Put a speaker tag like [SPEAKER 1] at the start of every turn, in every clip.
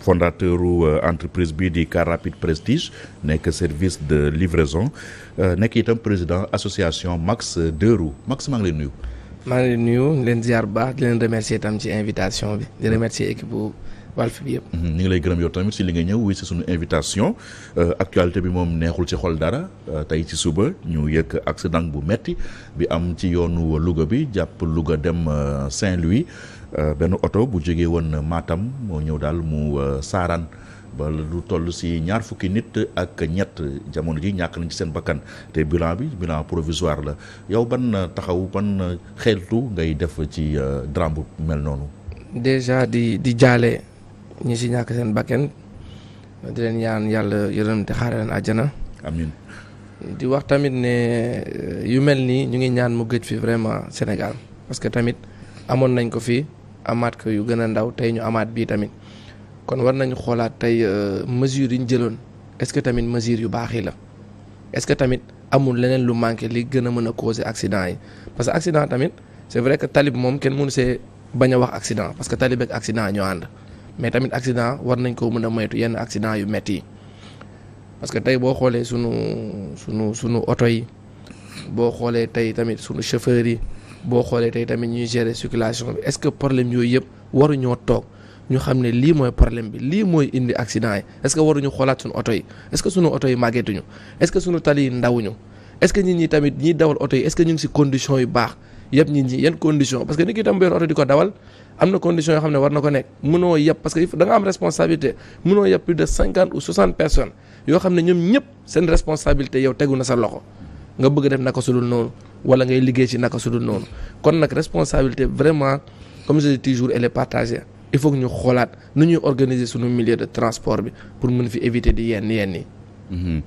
[SPEAKER 1] fondateur euh, entreprise bii di Car Rapide Prestige nekk service de livraison euh, nekk itam président association Max deux roues Max maa ngi lay nuyu.
[SPEAKER 2] maa ngi lay nuyu leen ziar baax di leen remercier itam ci invitation bi di mm-hmm. remercier équipe bu Walf
[SPEAKER 1] bi yëpp. Mm-hmm. ñu ngi lay gërëm yow tamit si li nga ñëw wuy si sunu invitation euh, actualité bi moom neexul ci xol dara tey ci suba ñu yëkk accident bu metti bi am ci yoonu Louga bi jàpp Louga dem Saint-Louis. Euh, benn oto bu jógee woon maatam moo ñëw daal mu euh, saaraan ba lu toll si ñaar fukki nit ak ñett jamono ji ñàkk nañ ci seen bakkan te bilan bi bilan provisoire la yow ban na taxaw ban xeltu ngay def ci euh, drame bu mel noonu.
[SPEAKER 2] déjà di di jaale ñi si ñàkk seen bakkan di leen ñaan yàlla yërëm te xaare leen àjjana. amiin. di wax tamit ne yu mel nii ñu ngi ñaan mu gëj fi vraiment Sénégal parce que tamit amoon nañ ko fii amaat ko yu gën a ndaw tey ñu amaat bii tamit kon war nañu xoolaat tey euh, mesures yu ñu jëloon est-ce que tamit mesures yu baax yi la est-ce que tamit amul leneen lu manqué li gën a mën a causer accident yi parce que accident tamit c'est vrai que tali bi moom kenn mënu see bañ a wax accident parce que tali beeg accident ñoo ànd mais tamit accident war nañ koo mën a moytu yenn accident yu métti yi parce que tey boo xoolee sunu sunu sunu oto yi boo xoolee tey tamit sunu chauffeur yi. boo xoolee tey tamit ñuy gérer circulation bi est-ce que problème yooyu yëpp waruñoo toog ñu xam ne lii mooy problème bi lii mooy indi accident yi est waruñu xoolaat suñu oto yi est-ce que suñu oto yi màggetuñu est-ce que suñu tali ndawuñu est-ce ñi tamit ñiy dawal oto yi est ñu ngi ci condition yu baax yëpp nit ñi yan condition parce que nit ki tam benn oto di ko dawal am na condition yoo xam ne war na ko nekk mënoo yëpp parce que da nga am responsabilité mënoo yëpp plus de cinquante ou soixante ne ñoom ñëpp seen responsabilité yow tegu na sa loxo nga bëgg def naka sulul noonu wala ngay liggéey ci naka su dul noonu kon nag responsabilité vraiment comme je dis toujours elle est partagée il faut ñu xoolaat nu ñuy
[SPEAKER 1] organiser suñu milieu de transport bi pour mën fi éviter di yenn yenn yi. Mhm.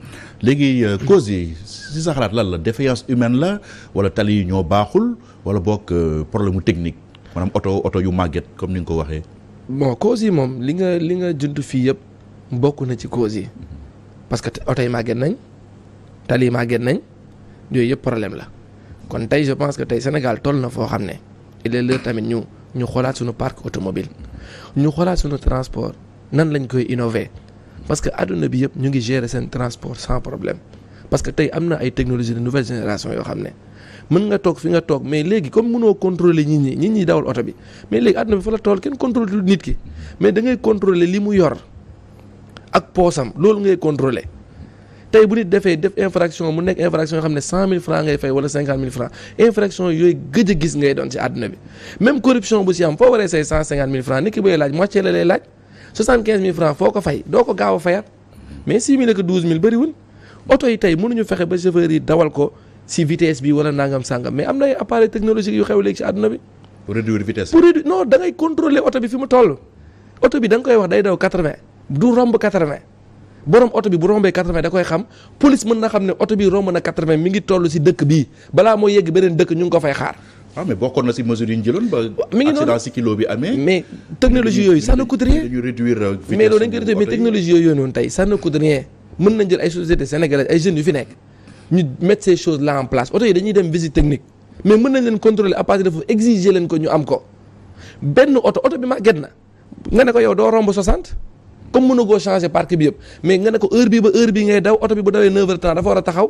[SPEAKER 1] léegi euh, causes yi si sa xalaat lan la défaillance humaine la wala tali yi ñoo baaxul wala boog euh, problème technique maanaam oto oto yu màgget comme ni nga ko waxee.
[SPEAKER 2] bon causes yi moom li nga li nga juntu fii yëpp bokk na ci causes yi mhm. parce que oto yi màgget nañ tali yi màgget nañ yooyu yëpp problème la. kon tey je pense que tey Sénégal tool na foo xam ne il est tamit ñu ñu xoolaat suñu parc automobile ñu xoolaat suñu transport nan lañ koy innover parce que àdduna bi yëpp ñu ngi gérer seen transport sans problème parce que tey am na ay technologie de nouvelle génération yoo xam ne mën nga toog fi nga toog mais léegi comme mënoo contrôler nit ñi ñi ñi dawal oto bi mais léegi àdduna bi fa la tool kenn contrôler nit ki mais da ngay contrôler li mu yor ak poosam loolu ngay contrôler tey bu nit defee def infraction mu nekk infraction yoo xam ne cent mille francs ngay fay wala cinquante mille francs infraction yooyu gëj a gis ngay doon ci àdduna bi même corruption bu si am foo waree say cent cinquante mille francs nit ki bay laaj moitié la lay laaj soixante quinze mille francs foo ko fay doo ko gaaw a fayat mais six mille ak douze mille bëriwul oto yi tey mënuñu fexe ba chauffeur yi dawal ko si vitesse bi wala nangam sangam na ay appareil technologique yu xew léegi si fi mu toll oto bi da nga koy wax day daw quatre vingt du romb borom oto bi bu rombee 80 da koy xam police mën na xam ne oto bi romb na 80 mi ngi toll si dëkk bii balaa moo yegg beneen dëkk ñu ngi ko fay xaar. waaw ah, mais
[SPEAKER 1] bokkoon na si mesure yi ñu jëloon ba. mi ngi noonu accident si kilo bi amee. mais technologie yooyu ça ne coûte rien. dañuy réduire vitesse mais loolu dañ koy réduire mais technologie yooyu noonu tey
[SPEAKER 2] ça ne coûte rien mën nañ jël en place oto yi dañuy benn oto oto bi màgget na nga ne ko yow doo romb 60 comme mën a goo changer parc bi yëpp mais nga ne ko heure bii ba heure bii ngay daw oto bi bu dawee 9 heures a taxaw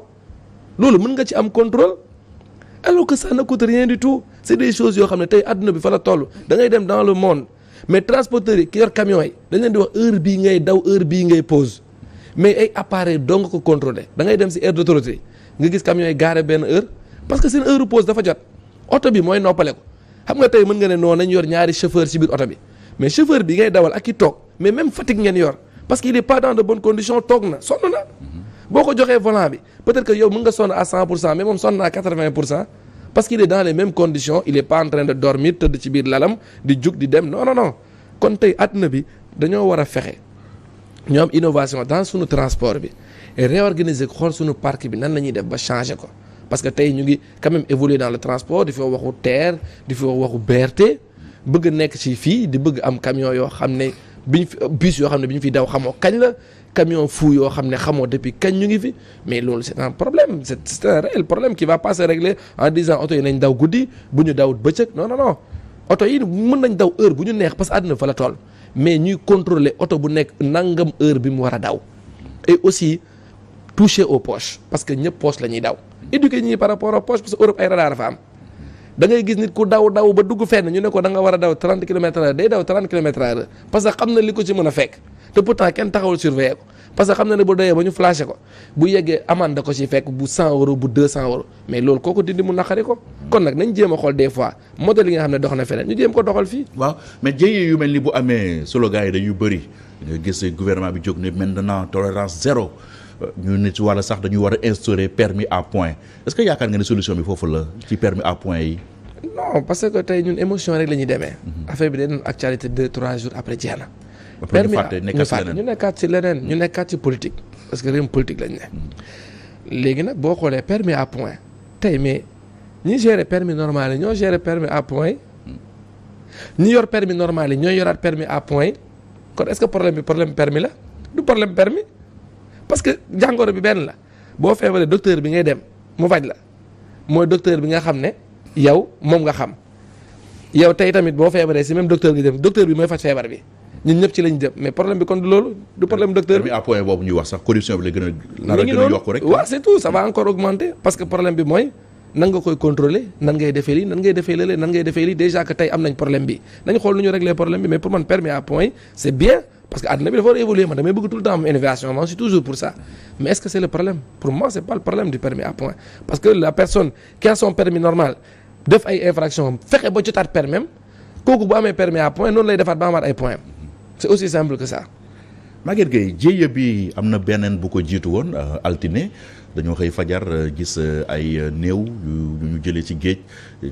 [SPEAKER 2] mën nga ci am contrôle alors que ça ne coûte tout c'est des yoo xam ne tey adduna bi fa la toll da dem dans le monde mais transporteurs yi ki yor camions yi dañ leen di wax heure bii ngay daw heure bii ngay pause mais ay appareil doo nga ko contrôler da ngay dem si aire d'autorité nga gis camions yi garé benn heure parce que seen heure pause dafa jot oto bi mooy noppale ko xam nga tey mën nga ne noonu ñu yor ñaari chauffeur si biir oto bi mais chauffeur bi ngay dawal ak ki toog mais même fatigue ngeen yor parce que il est pas dans de bonnes conditions toog na sonn na boo ko joxee volant bi peut-être que yow mën nga sonn à 100 pour cent mais moom sonn na à 80 pour cent parce qu'il est dans les mêmes conditions il est pas en de dormir tëdd ci biir lalam di jug di dem non non non kon tey àdduna bi dañoo war a fexe ñoo am innovation dans suñu transport bi et réorganiser xool suñu parc bi nan la ñuy def ba changer ko parce que tey ñu ngi quand même évoluer dans le transport di fi waxu terre di fi waxu BRT bëgg nekk ci fii di bëgg am camion yoo xam ne. biñ fi bus yoo xam ne bi ñu fi daw xamoo kañ la camion fou yoo xam ne xamoo depuis kañ ñu ngi fi mais loolu c'est un problème c'est c'est un réel problème qui va pas se régler en disant oto yi nañ daw guddi bu ñu dawut bëccëg non non non oto yi mën nañ daw heure bu ñu neex parce que àddina fa la toll mais ñuy contrôler oto bu nekk nangam heure bi mu war a daw et aussi toucher aux poches parce que ñëpp poche lañuy daw éduquer ñi par rapport aux poches parce Europe ay radar am dangay gis nit ku daw daw ba dugg fenn ñu ne ko da nga war a daw 30 kilomètres heure day daw 30 kilomètres heure parce que xam na li ko ci mën a fekk te pourtant kenn taxawul surveiller ko parce que xam na ne bu doyee ba ñu flashé ko bu yeggee amende ko ci fekk bu 100 euros bu 200 euros mais loolu kooku dindi mu naqari ko kon nag nañ jéem a xool des fois
[SPEAKER 1] modèle yi nga xam ne dox na feneen ñu jéem ko doxal fii waaw mais jéyee yu mel ni bu amee solo gars yi dañuy bëri nga gis gouvernement bi jóg ne maintenant tolérance zéro ñu nit wala sax dañu war a instaurer à point est que yaakaar nga ne solution bi foofu la ci permis à yi.
[SPEAKER 2] non que tey ñun émotion rek la ñuy demee. Mhm. affaire bi day doon actualité deux trois jours après jeex na. permis ñu nekkaat ci leneen ñu mhm. nekkaat ci politique. parce que réewum politique lañ ne. Mhm. léegi nag boo xoolee permis à point tey mais ñi gérer permis normal yi ñoo gérer permis à point ñu yor permis normal yi ñooy yoraat permis à point kon est-ce que problème bi problème permis la du problème permis parce que jàngoro bi benn la boo feebaree docteur bi ngay dem mu faj la mooy docteur bi nga xam ne yow moom nga xam yow tey tamit boo feebaree si même docteur nga jëm docteur bi mooy faj feebar bi ñun ñëpp ci lañ jëm mais problème bi kon du loolu du problème docteur bi à point boobu ñuy wax sax corruption bi la gën a la gën a yokk rek waaw c'est encore augmenter parce que problème bi mooy nan nga koy contrôler nan ngay defee lii nan ngay defee lële nan ngay defee lii déjà que tey am nañ problème bi nañ xool nu ñu régler problème bi mais pour man permis à point c'est bien parce que àdduna bi dafa war a évoluer man damay bëgg tout temps am innovation man je toujours pour ça mais est-ce que c'est le problème pour moi c'est pas le problème du permis à point parce que la personne qui a son permis normal def ay infraction fexe ba jotaat
[SPEAKER 1] na beneen bu ko jiitu woon euh, altine dañoo xëy fajar euh, gis euh, ay euh, néew yu ñu jëlee ci géej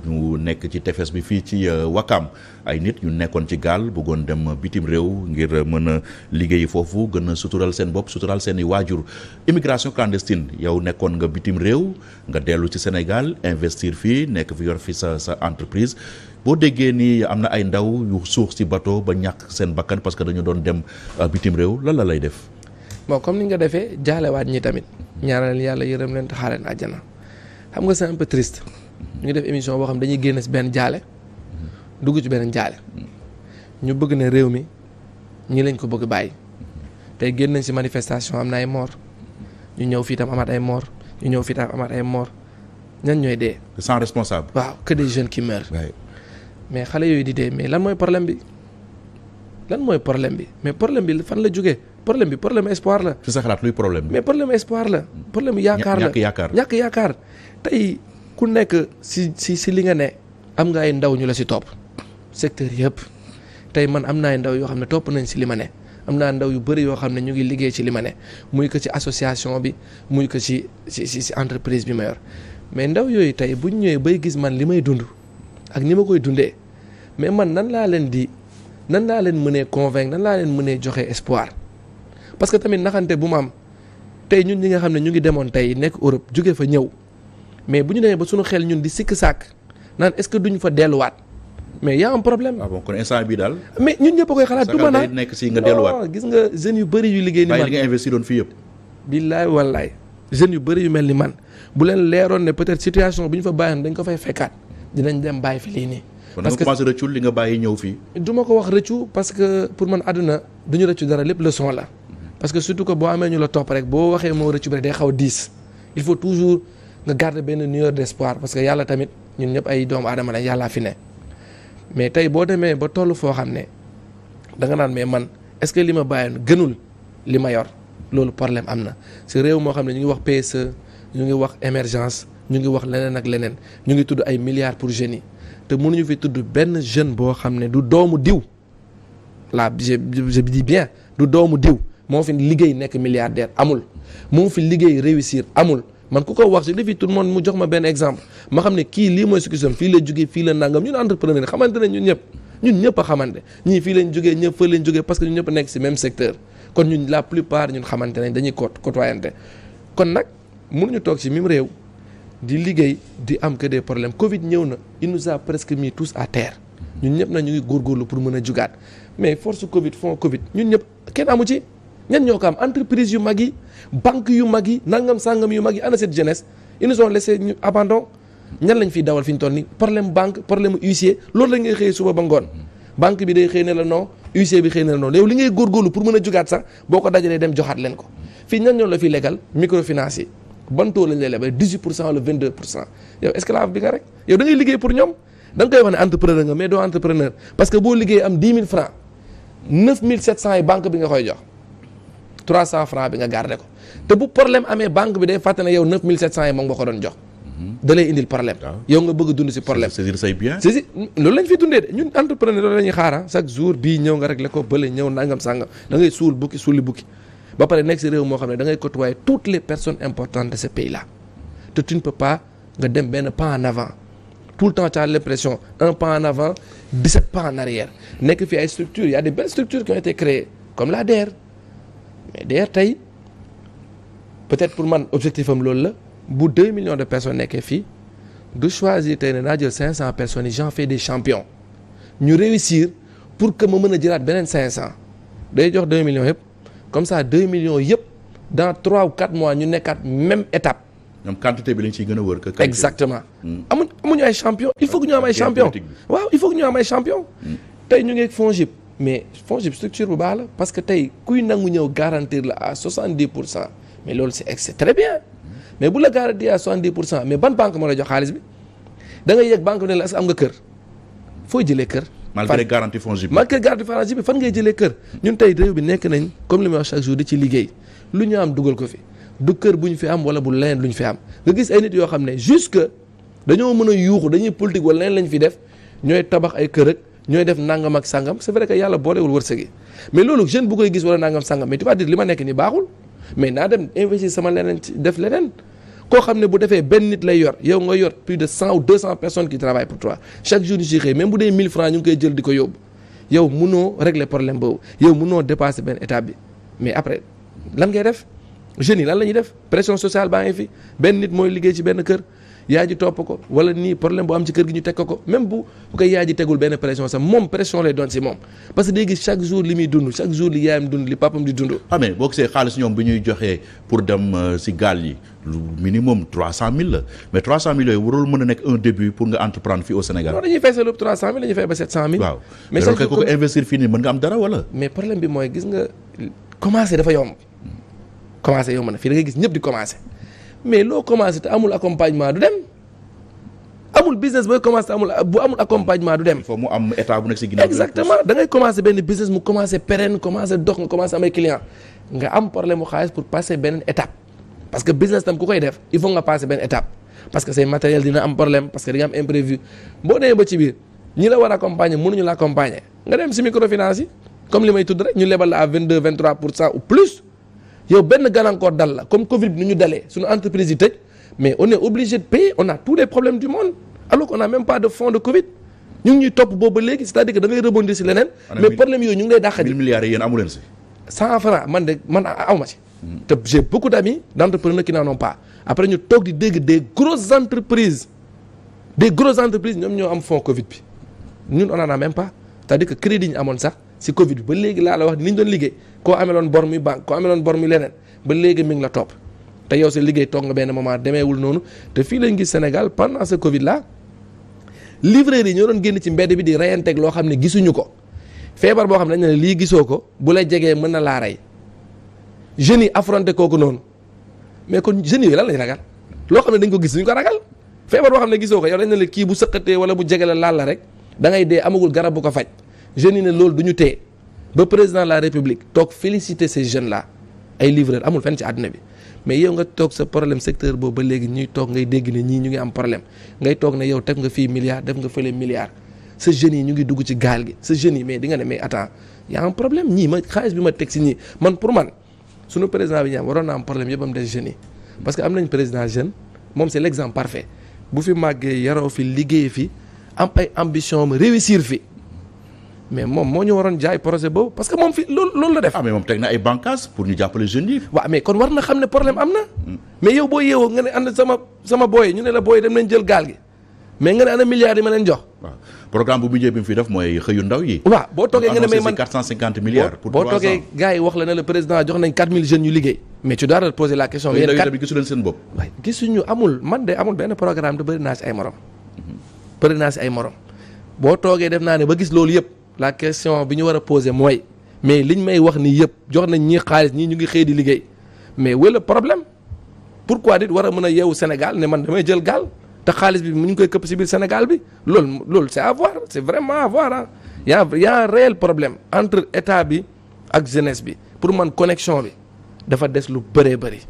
[SPEAKER 1] ñu nekk ci tefes bi fii ci wakkam ay nit ñu nekkoon ci gaal bëggoon dem bitim réew ngir mën a liggéey foofu gën a sutural seen bopp sutural seen i waajur immigration clandestine yow nekkoon nga bitim réew nga dellu ci Sénégal investir fii nekk fi yor fi sa sa entreprise boo déggee ni am na ay ndaw yu suux ci bato ba ñàkk seen bakkan parce que dañu doon dem bitim réew lan la lay def.
[SPEAKER 2] bon comme ni nga defee tamit. ñaanal yàlla yërëm leen te naa àjjana xam nga c'est un peu triste ñu def émission boo xam dañuy génn si benn jaale dugg ci beneen jaale ñu bëgg ne réew mi ñi lañ ko bëgg bàyyi tey génn nañ si manifestation am na ay mort ñu ñëw fii tam amaat ay mort ñu ñëw fii tam amaat ay mort ñan ñooy dee. sans responsable. waaw que des jeunes qui meurent. mais xale yooyu di dee mais lan mooy problème bi lan mooy problème bi mais problème bi fan la jógee. problème bi problème espoir la.
[SPEAKER 1] ci sa xalaat luy problème
[SPEAKER 2] bi. mais problème espoir yaakaar la ñàkk yaakaar ñàkk tey ku nekk si si si li nga ne. am nga ay ndaw ñu la si topp secteur yëpp tey man am naa ay ndaw yoo xam ne topp nañ si li ma ne. am naa ndaw yu bëri yoo xam ne ñu ngi liggéey ci li ma ne muy que si association bi muy que si si si entreprise bi ma mais ndaw yooyu tey bu ñu ñëwee bay gis man li may dund ak ni ma koy dundee mais man nan laa leen di nan laa leen mënee convaincre nan laa leen mënee joxe espoir parce que tamit naxante bu ma am tey ñun ñi nga xam ne ñu ngi demoon tey nekk Europe jóge fa ñëw mais bu ñu demee ba suñu xel ñun di sikk sàkk naan est-ce que duñ fa delluwaat mais a un problème. ah mais ñun ñëpp koy xalaat du ma si nga delluwaat gis nga jeunes yu yu liggéey. ni man bàyyi li nga fii yëpp. billaay wallaay jeunes yu bëri yu mel ni man bu leen leeroon ne peut-être situation bu ñu fa bàyyoon dañ ko fay fekkaat dinañ dem bàyyi fi lii nii. parce que kon commencé
[SPEAKER 1] rëccul bàyyi ñëw fii.
[SPEAKER 2] du ko wax rëccu parce que pour man àdduna duñu rëccu dara lépp leçon la parce que surtout ko boo amee ñu la topp rek boo waxee moo rëccu bi day xaw a diis il faut toujours nga garder benn lueur d'espoir parce que yàlla tamit ñu ñëpp ay doomu adama lañ yàllaa fi ne mais tey boo demee ba toll foo xam ne da nga naan mais man est-ce que li ma bàyyoon gënul li ma yor loolu problème am na si réew moo xam ne ñu ngi wax PSE ñu ngi wax émergence ñu ngi wax leneen ak leneen ñu ngi tudd ay milliards pour jeunes yi te mënuñu fi tudd benn jeune boo xam ne du doomu diw la je je dis bien du doomu diw moo fi liggéey nekk milliardaire amul moo fi liggéey réussir amul man ku ko wax je défie tout le mu jox ma benn exemple ma xam ne kii lii mooy sukkisoon fii la jógee fii la nangam ñun entrepreneur xamante ne ñun ñëpp ñëpp a xamante fii lañ jógee ñëpp fële lañ jógee parce que ñun ñëpp nekk si même kon ñun la plupart ñun xamante nañ dañuy côte côtoyante kon nag mënuñu toog si même réew di liggéey di am que des problèmes ñëw na il nous a presque mis tous ñun ñëpp na ñu ngi góorgóorlu pour mën a jugaat mais force Covid fond Covid ñun ñëpp kenn amu ci. ñan ñoo ko am entreprise yu mag yi banque yu mag yi nangam sangam yu mag yi ana cette jeunesse ils nous ont laissé ñu abandon ñan lañ fiy dawal fi ñu toll ni problème banque problème huissier loolu la ngay xëyee suba ba ngoon banque bi day xëy ne la non bi xëy ne la li ngay góorgóorlu pour mën a jugaat sax boo ko dajalee dem joxaat leen ko fii ñan ñoo la fi légal microfinance yi ban taux lañ lay lebal 18 pour cent wala 22 pour cent yow esclave bi pour ñoom da banque bi nga koy jox 300 francs bi nga garder ko te bu problème amee banque bi day fàtte ne yow 9700 yi moom nga ko doon jox. da lay indil problème. Ah. yow nga bëgg dund si problème. saisir loolu lañ fi dundee de ñun entrepreneur loolu la ah. chaque jour bii ñëw nga réglé ko bële ñëw nangam sangam da ngay suul bukki suuli bukki ba pare nekk si moo xam ne da ngay côtoyer toutes les personnes importantes de ce pays là te tu ne nga dem benn pas en avant. tout le temps tu as l'impression nekk fi ay structures il y a des mais d'ailleurs tey peut-être pour man objectif am loolu la bu 2 millions de personnes nekkee fii du choisir tey naa jël 500 personnes yi j'en fais des champions ñu réussir pour que ma mën a jëlaat beneen cinq cent day jox 2 millions yëpp comme ça deux millions yëpp dans 3 ou 4 mois ñu nekkaat même étape. ñoom quantité bi lañ ciy gën a wër. exactement. Hmm. amuñ amuñu ay champion il faut que ñu am ay champion waaw il faut que ñu am ay champion hmm. tey ñu ngi ak FONGIP mais FONGIP structure bu baax la parce que tey kuy nangu ñëw garantir la à 70 pour cent mais loolu si est très bien mais bu la garantir à 70 pour cent mais ban banque moo la jox xaalis bi da ngay yegg banque bi ne la am nga kër foo jëlee kër. malgré
[SPEAKER 1] garantie FONGIP bi
[SPEAKER 2] malgré garantie FONGIP bi fan ngay jëlee kër. ñun tey réew bi nekk nañ comme li may wax chaque jour di ci liggéey lu ñu am dugal ko fi du kër bu ñu fi am wala bu leen lu ñu fi am nga gis ay yoo xam ne jusque dañoo mën a yuuxu dañuy politique wala leneen lañ fi def ñooy tabax ay ñooy def nangam ak sangam c'est vrai que yàlla boolewul wërsëg yi mais loolu jeune bu koy gis wala nangam sangam mais tu vas dire li ma nekk nii baaxul mais naa dem investir sama leneen ci def leneen koo xam ne bu defee benn nit lay yor yow nga yor plus de cent ou deux cent personnes qui travaillent pour toi chaque jour ñu ciy xëy même bu dee mille francs ñu ngi koy jël di ko yóbbu yow munoo régler problème boobu yow munoo dépasser benn étape bi mais après lan ngay def jeunes yi lan la ñuy def pression sociale baa ngi fi mooy liggéey ci benn kër. yaay ji topp ko wala nii problème bu am ci kër gi ñu teg ko même bu bu koy yaay ji tegul benn pression sax moom pression lay doon si moom parce que day gis chaque jour li muy dund chaque jour li yaayam
[SPEAKER 1] dund li papam di dund ah mais boo gisee xaalis ñoom bi ñuy joxee pour dem si euh, gaal yi lu minimum trois cent mille la mais trois cent mille yooyu warul mën a nekk un début pour nga entreprendre fii au Sénégal non dañuy fay sa loolu fii nii mën mais problème bi gis nga
[SPEAKER 2] commencer dafa mais loo commencé te amul accompagnement du dem amul business booy commencé amul bu amul accompagnement du dem. foofu exactement da ngay benn business mu commencé pérenne commencé dox nga commencé am ay clients nga am problème mu xaalis pour passer beneen étape. parce que business tam ku koy def il faut nga passer benn étape parce que say matériel dina am problème parce que di nga am imprévu boo demee ba ci biir ñi la war a accompagner mënuñu ñu la à yow benn gàllankoor dal la comme Covid bi nu ñu dalee suñu entreprise yi tëj mais on est obligé de payer on a tous les problèmes du monde alors qu'on a même pas de fonds de Covid ñu ngi topp boobu léegi c'est-à-dire que da ngay rebondir si leneen. mais problème yooyu ñu ngi lay dàqal. 1000 yi yéen amu si. 100 francs man de man aw ma si. Hmm. te j'ai beaucoup d'amis d'entrepreneurs qui n'en ont pas après ñu toog di dégg des grosses entreprises des grosses entreprises ñoom ñoo am fonds Covid ñun on en a même ñu amoon sax. si Covid ba léegi laa la wax ni ñu doon liggéey koo ameloon bor mi banque koo ameloon bor mi leneen ba léegi mi ngi la topp te sa liggéey toog nga benn moment demeewul noonu te fii lañ gis Sénégal pendant ce Covid là livreurs yi ñoo doon génn ci mbedd bi di reyanteeg loo xam ne gisuñu ko feebar boo xam ne dañ ne lii gisoo ko bu la jegee mën na laa rey jeunes yi affronté kooku noonu mais kon jeunes yooyu lan lañ ragal loo xam ne dañ ko gis duñ ko ragal feebar boo xam ne gisoo ko yow dañ ne la kii bu sëqatee wala bu jege la laal la rek dangay ngay dee amagul garab bu ko faj. jeunes yi ne loolu du ñu téye ba président la république toog féliciter ces jeunes la ay livreur amul fenn ci àdduna bi mais yow nga toog sa problème secteur boobu ba léegi ñuy toog ngay dégg ne ñii ñu ngi am problème ngay toog ne yow teg nga fii milliard def nga fële milliard sa jeunes yi ñu ngi dugg ci gaal gi sa jeunes i mais dinga nga ne mais attends y a problème ñii ma xaalis bi ma teg si ñii man pour man sunu président bi ñu am waroon na am problème yëpp am des jeunes que am nañ président jeune moom c'est l'exemple parfait bu fi màggee yaroo fi liggéey fi am ay ambition am réussir fi mais moom moo ñu waroon jaay projet boobu parce que moom fi loolu loolu la def. ah mais moom teg na ay bànqaas pour ñu jàppale jeunes yi. waaw mais kon war na xam ne problème am na. mais yow boo yeewoo nga ne ànd sama sama booy ñu ne la booy dem nañ jël gaal gi mais nga ne ana milliards yi ma leen jox.
[SPEAKER 1] waaw programme bu mujjee bi mu fi def mooy xëyu ndaw yi. waaw boo toogee nga ne may man 450 milliards. pour 3 ans boo toogee
[SPEAKER 2] gars yi wax la ne le président jox nañ 4000 jeunes ñu liggéey. mais tu dois poser la question. yéen naa si ay morom. bëri mhm. naa ay morom boo toogee def naa ne ba gis loolu yëpp la question bi ñu war a poser mooy mais li ñu may wax nii yëpp jox nañ ñii xaalis ñii ñu ngi xëy di liggéey mais wala problème pourquoi nit war a mën a yeewu Sénégal ne man damay jël gaal te xaalis bi mu ñu koy këpp si biir Sénégal bi loolu loolu c'est à voir c'est vraiment à voir ah y a réel problème entre état bi ak jeunesse bi pour man connexion bi dafa des lu bëree bëri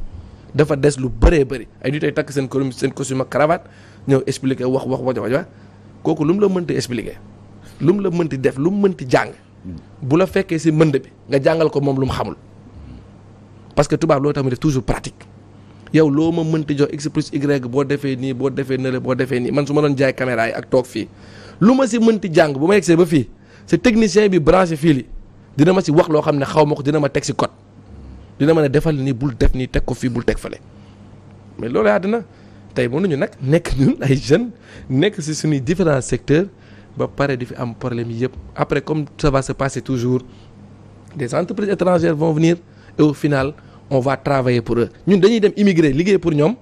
[SPEAKER 2] dafa des lu bëree bëri ay nit ay takk seen seen costume ak cravate ñëw expliquer wax wax wax wax kooku lu la mënta expliquer lu mu la mënti def lu mu mënti jàng bu la fekkee si mënd bi nga jàngal ko moom lu mu xamul parce que tubaab loo tamit def toujours pratique yow loo ma mënti jox x plus boo defee nii boo defee nële boo defee nii man su ma doon jaay caméra yi ak toog fii lu ma si mënti jàng bu ma yegsee ba fii si technicien bi branché fii li dina ma si wax loo xam ne xaw ma ko dina ma teg si kot dina ma ne defal nii bul def nii teg ko fii bul teg fale mais loolu yaa dina tey mënuñu nag nekk ay jeunes nekk si suñuy différents secteurs ba pare di fi am problème yi yëpp après comme ça va se passer toujours des entreprises étrangères vont venir au final on va travailler pour ñun dañuy dem immigré liggéey pour ñoom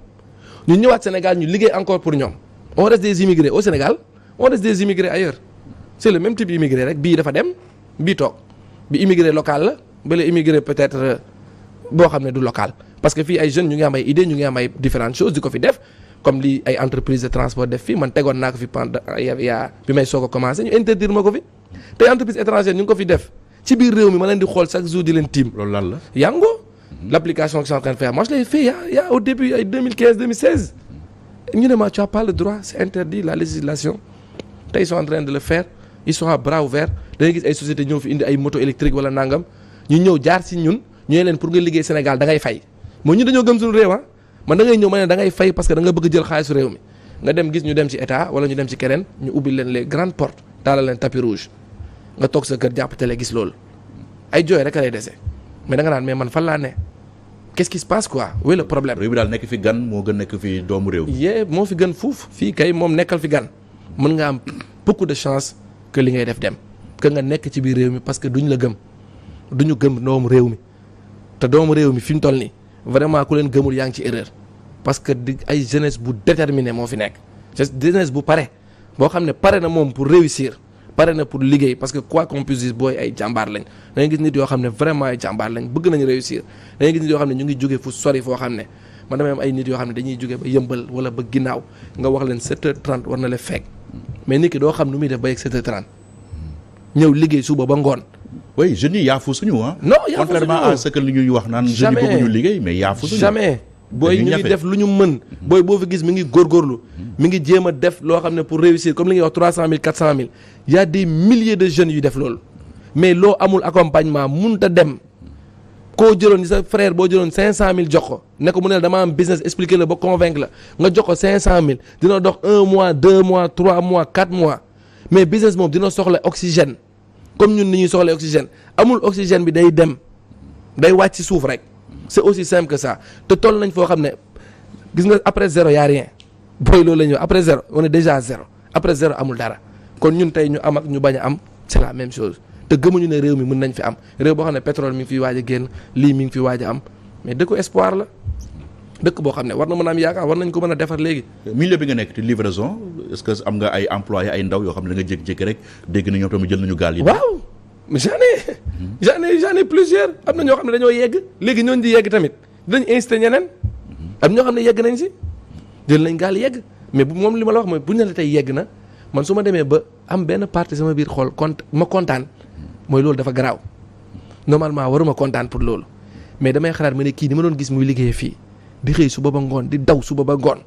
[SPEAKER 2] ñu ñëwaat Sénégal ñu liggéey encore pour ñoom on reste des immigrés au Sénégal on reste des immigrés ailleurs c'est le même type immigré rek bii dafa dem bii toog bi immigré local la bala immigré peut-être euh, boo xam ne du local parce que fii ay jeunes ñu ngi am ay idées ñu ngi ko fi def comme lii ay entreprise de transport def fii man tegoon naa ko fi pendant yaa bi may soog a commencé ñu interdire ma ko fi tey entreprise étrangère ñu ngi ko fi def ci biir réew mi ma leen di xool chaque jour di leen tiim. loolu lan l'application que je train de faire moi je a y a au début ay 2015 2016. ñu ma tu as la législation tey ils sont en train de le faire ils sont gis ay société ñëw fi indi ay moto électrique wala nangam ñu ñëw jaar si ñun ñu ne leen pour nga liggéey Sénégal dangay fay moo ñu dañoo gëm suñu réew ah. man da ngay ñëw ma ne da ngay fay parce que da nga bëgg jël xaalisu réew mi nga dem gis ñu dem ci état wala ñu dem ci keneen ñu ubbi leen lee grandes portes taalal leen tapis rouge nga toog sa kër jàpp télé gis loolu ay jooy rek a lay dese mais da nga naan mais man fan laa ne qu'est-ce qui quoi où est le problème. réew bi daal nekk fi gan moo gën nekk
[SPEAKER 1] fi doomu réew.
[SPEAKER 2] yee moo fi gën fuuf fii kay moom nekkal fi gan mën nga am beaucoup de chance que li ngay def dem que nga nekk ci biir réew mi parce que duñ la gëm duñu gëm doomu réew mi te doomu réew mi fi mu toll nii vraiment ku leen gëmul yaa ngi ci erreur. parce que di ay jeunesse bu déterminé moo fi nekk jeunesse bu pare boo xam ne pare na moom pour réussir pare na pour liggéey parce que quoi qu'on puisse dire booy ay jàmbaar lañ da gis nit yoo xam ne vraiment ay jàmbaar lañ bëgg nañ réussir da ngay gis nit yoo xam ne ñu ngi jóge fu sori foo xam ne man damay am ay nit yoo xam ne dañuy jóge ba yëmbal wala ba ginnaaw nga wax leen 7h30 war na la fekk mais nit ki doo xam nu muy def ba yegg
[SPEAKER 1] 7 h ñëw liggéey suba ba ngoon. oui jeunes yi yaafu ah. wax naan jeunes yi bëgguñu booy ñu ngi def lu ñu mën
[SPEAKER 2] booy boo fi gis mi ngi góor góorlu mi ngi jéem a def loo xam ne pour réussir comme li ngay wax trois cent mille quatre cent mille y a des milliers de jeunes yu def loolu mais loo amul accompagnement mun ta dem koo jëloon sa frère boo jëloon cinq cent mille jox ko ne ko mu ne dama am business expliquer la ba convaincre la nga jox ko cinq cent mille dina dox un mois deux mois trois mois quatre mois mais business moom dina soxla oxygène comme ñun ni ñuy soxla oxygène amul oxygène bi day dem day wàcc ci suuf rek c'est aussi simple que ça te toll nañ foo xam ne gis nga après zéro y a rien booy loolu la ñëw après zéro on déjà zéro après zéro amul dara kon ñun tey ñu am ak ñu bañ a am c'est la même chose te gëmuñu ne réew mi mën nañ fi am réew boo xam ne pétrole mi ngi fi waaj
[SPEAKER 1] a génn lii mi ngi fi waaj am mais dëkku espoir la dëkk boo xam ne war
[SPEAKER 2] na mën a am yaakaar war
[SPEAKER 1] nañ ko mën a defar léegi. milieu bi nga nekk di livraison est am nga ay employés ay ndaw yoo xam ne da nga jékki-jékki dégg na ñoom jël nañu gaal yi. waaw mais j'en ai j'en ai j'en plusieurs am
[SPEAKER 2] na ñoo xam ne dañoo yegg léegi ñooñu di yegg tamit dinañ incité ñeneen am ñoo xam ne yegg nañ si jël nañ gaal yegg mais bu moom li ma la wax mooy bu ñu ne tey yegg na man su ma demee ba am benn partie sama biir xool kont ma kontaan mooy loolu dafa garaaw normalement waruma kontaan pour loolu mais damay xalaat ma ne kii ni ma doon gis muy liggéey fii di xëy suba ba ngoon di daw suba ba ngoon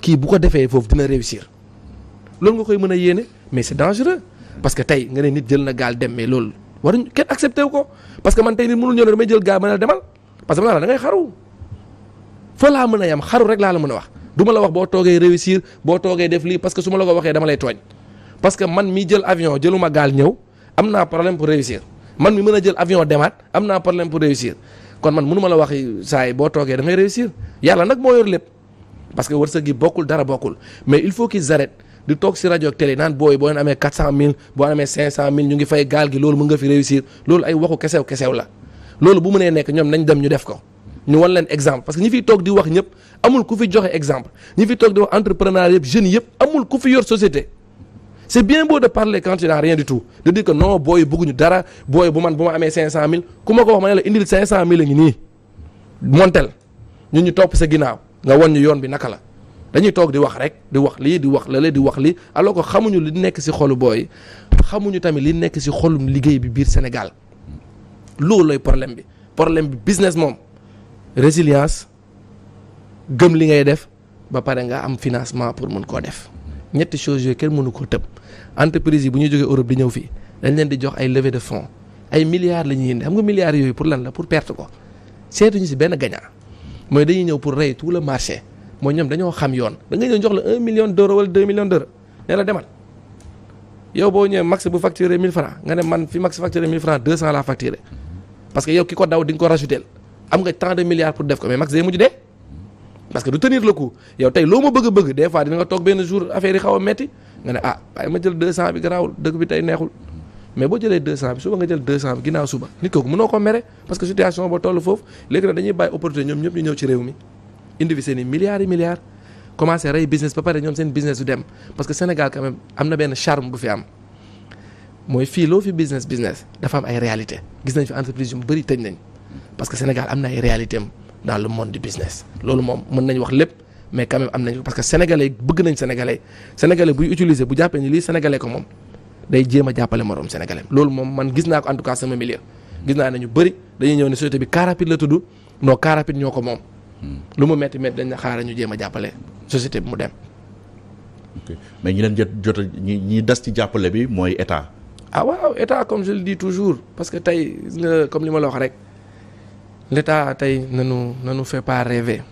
[SPEAKER 2] kii bu ko defee foofu dina réussir loolu nga koy mën a yéene mais c'est dangereux parce que tey nga ne nit jël na gaal dem mais loolu waruñ kenn accepté ko parce que man tey nit mënul ñëw ne damay jël gaal mën a demal parce que man ngay xaru fa laa mën a yam xaru rek laa la mën a wax du ma la wax boo toogee réussir boo toogee def lii parce que su la ko waxee dama lay tooñ parce que man mi jël avion jëluma gaal ñëw am naa problème pour réussir man mi mën a jël avion demaat am naa problème pour réussir kon man mënu ma la wax saa boo toogee da réussir yàlla nag moo yor lépp parce que wërsëg gi bokkul dara bokkul mais il faut qu'ils arrêtent di toog si rajo ak télé naan booy boo leen amee quatre cent mille boo amee cinq cent mille ñu ngi fay gaal gi loolu mën nga fi réussir loolu ay waxu kesew kesew la loolu bu mënee nekk ñoom nañ dem ñu def ko ñu wan leen exemple parce que ñi fiy toog di wax ñëpp amul ku fi joxe exemple ñi fiy toog di wax entrepreneur yëpp jeunes yëpp amul ku fi yor société c'est bien boo de parler quand tu n'as rien du tout de dire que non booy bëgguñu dara booy bu man bu ma amee cinq cent ku ma ko wax ma ne la indil cinq cent mille a ñu topp sa ginnaaw nga wan ñu yoon bi naka la dañuy toog di wax rek di wax lii di wax lale di wax lii alors que xamuñu li nekk ci xolu booy xamuñu tamit li nekk ci xolum liggéey bi biir Sénégal loolu lay problème bi problème bi business moom résilience gëm li ngay def ba pare nga am financement pour mun koo def ñetti choses yooyu kenn mënu koo tëb entreprise yi bu ñuy jógee Europe di ñëw fii dañ leen di jox ay leve de fonds ay milliards la ñuy indi xam nga milliards yooyu pour lan la pour pert ko seetuñu ci benn gagnant mooy dañuy ñëw pour rey tout le marché mooy ñoom dañoo xam yoon da nga ñëw jox la un million d'euros wala deux millions d'euros ne la demal yow boo ñëwee max bu facturé mille francs nga ne man fi max facturé mille francs deux cent laa facturé parce que yow ki ko daw di ko rajouté am nga tant de milliards pour def ko mais max day mujj dee parce que du tenir le coup yow tey loo ma bëgg a bëgg des fois dina nga toog benn jour affaire yi xaw a metti nga ne ah waaye ma jël deux cent bi garaawul dëkk indi fi seen i milliards yi milliards commencé rey business ba pare ñoom seen business du dem parce que Sénégal quand même am na benn charme bu fi am mooy fii loo fi business business dafa am ay réalité gis nañ fi entreprise yu bëri tëj nañ parce que Sénégal am na ay réalité am dans le monde business loolu moom mën nañ wax lépp mais quand même am nañ parce que sénégalais bëgg nañ sénégalais sénégalais buy utiliser bu jàppee ni lii sénégalais ko moom day jéem a jàppale moroom sénégalais loolu moom man gis naa en tout cas sama milieu naa ne ñu bëri dañuy ñëw ne bi car rapide la tudd non car rapide ñoo moom lu mu metti metti dañ na xaaral ñu jéem a jàppale
[SPEAKER 1] société bi mu dem. mais ñi leen jot jot ñi ñi des ci jàppale bi mooy état. ah waaw état
[SPEAKER 2] comme toujours parce que tey comme li ma la wax rek tey nanu nanu fait pas rêver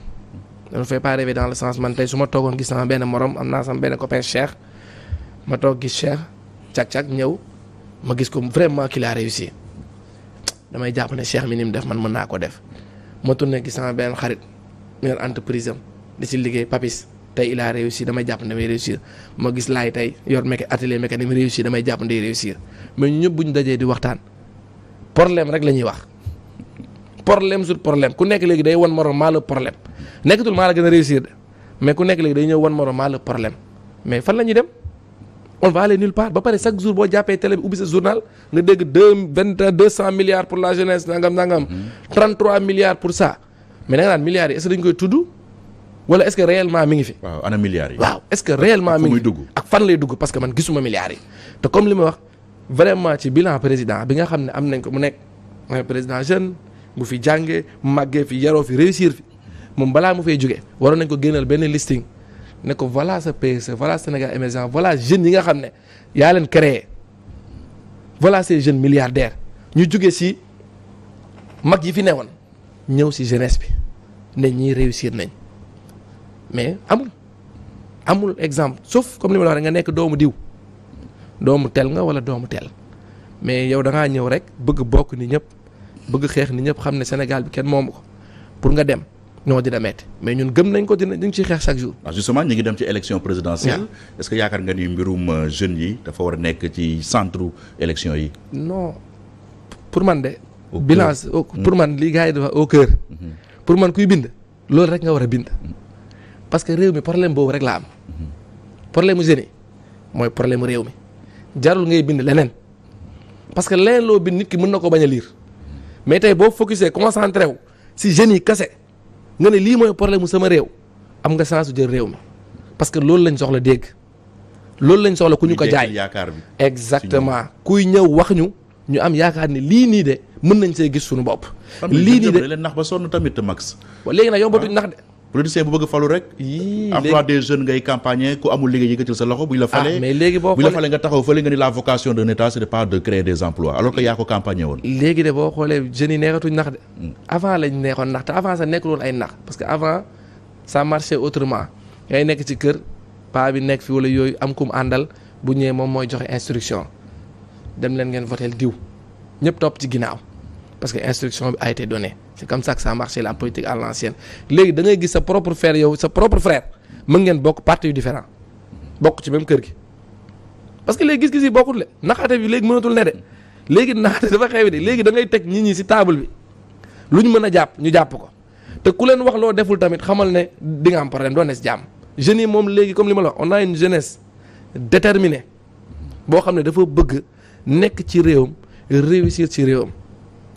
[SPEAKER 2] nanu fait pas rêver dans le sens man su ma toogoon gis sama benn morom am naa sama benn copain ma toog gis Cheikh càq ñëw ma gis ko vraiment qu'il réussi damay jàpp ne Cheikh mi ni mu def man mën naa ko def ma tourné gis sama benn xarit. yor entreprise am di ci liggéey papis tey il a réussi damay jàpp ne damay réussir ma gis laay tey yor méca atelier mécanique réussir damay jàpp ne day réussir mais ñu ñëpp ñu dajee di waxtaan problème rek la ñuy wax problème sur problème ku nekk léegi day wan morom maa la problème nekkatul maa la gën a réussir de mais ku nekk léegi day ñëw wan morom maa la problème mais fan la ñuy dem on va aller nulle part ba pare chaque jour boo jàppee télé bi ubbi sa journal nga dégg pour la jeunesse nangam nangam. 33 mm-hmm. milliards pour ça. mais da nga naan milliards yi est ce que dañ koy tudd wala est ce que réellement mi ngi fi. waaw ana milliards yi. waaw est ce que réellement mi ngi dugg ak fan lay dugg parce que man gisuma milliards yi te comme li ma wax vraiment ci bilan président bi nga xam ne am nañ ko mu nekk mooy président jeune bu fi jàngee màggee fi yaroo fi réussir fi moom balaa mu fay jógee waroon nañ ko génneel benn listing ne ko voilà sa PSE voilà Sénégal émergent voilà jeunes yi nga xam ne yaa leen créé voilà ces jeunes ñu jóge si mag yi fi newoon ñëw si jeunesse bi. ne ñii réussir nañ mais amul amul exemple sauf comme li ma la nga nekk doomu diw doomu tel nga wala doomu tel mais yow da ñëw rek bëgg bokk ni ñëpp bëgg xeex ni ñëpp xam ne Sénégal bi kenn moomu ko pour nga dem ñoo dina metti mais ñun gëm nañ ko dina ñu ngi ciy
[SPEAKER 1] xeex chaque jour. waaw ah, justement ñu ngi dem ci élection présidentielle. est-ce que yaakaar nga ni mbirum euh, jeunes yi dafa war a nekk ci centre élection yi.
[SPEAKER 2] non pour man de. bilan pour man li yi dafa au cœur. Mm-hmm. pour man kuy bind loolu rek nga war a bind parce que réew mi problème boobu rek laa am problème mu jeunes mooy problème réew mi jarul ngay bind leneen parce que leneen loo bind nit ki mën na ko bañ a liir mais tey boo focusé concentré wu si jeunes yi kese nga ne lii mooy problème mu sama réew am nga chance jël réew mi parce que loolu lañ soxla dégg loolu lañ soxla ku ñu ko jaay yaakaar bi exactement kuy ñëw wax ñu. ñu am yaakaar ni lii nii de mën nañ see gis sunu bopp.
[SPEAKER 1] lii nii de nax ba sonn tamit max. waaw léegi nag yombatuñ ah. nax de. politicien bu bëgg falu rek. yii emploi des jeunes ngay campagner ku amul liggéey yëkkatil sa loxo. buñ la ah, falee mais léegi boo xoolee buñ la falee nga taxaw fële nga ni la vocation d'un état c'est pas de créer des emplois nax de. Hmm.
[SPEAKER 2] avant lañ neexoon nax te avant sa nekkul woon ay nax parce que avant sa marchait autrement ngay nekk ci kër paa bi nekk fi wala yooyu am kum àndal bu ñëwee moom mooy joxe instruction dem leen ngeen votel diw ñëpp topp ci ginnaaw parce que instruction bi a été donnée c'est comme ça que ça la politique à l'ancienne léegi da ngay gis sa propre frère yow sa propre frère mën ngeen bokk parti yu différent bokk ci même kër gi parce que léegi gis-gis yi bokkul le naxaate bi léegi mënatul ne de léegi naxaate dafa xewi de léegi da ngay teg nit ñi ci table bi lu ñu mën a jàpp ñu jàpp ko te ku leen wax loo deful tamit xamal ne dinga am problème doo ne ci jeunes yi moom léegi comme li ma la wax on a une jeunesse boo xam ne dafa bëgg nekk ci réewam réussir ci réewam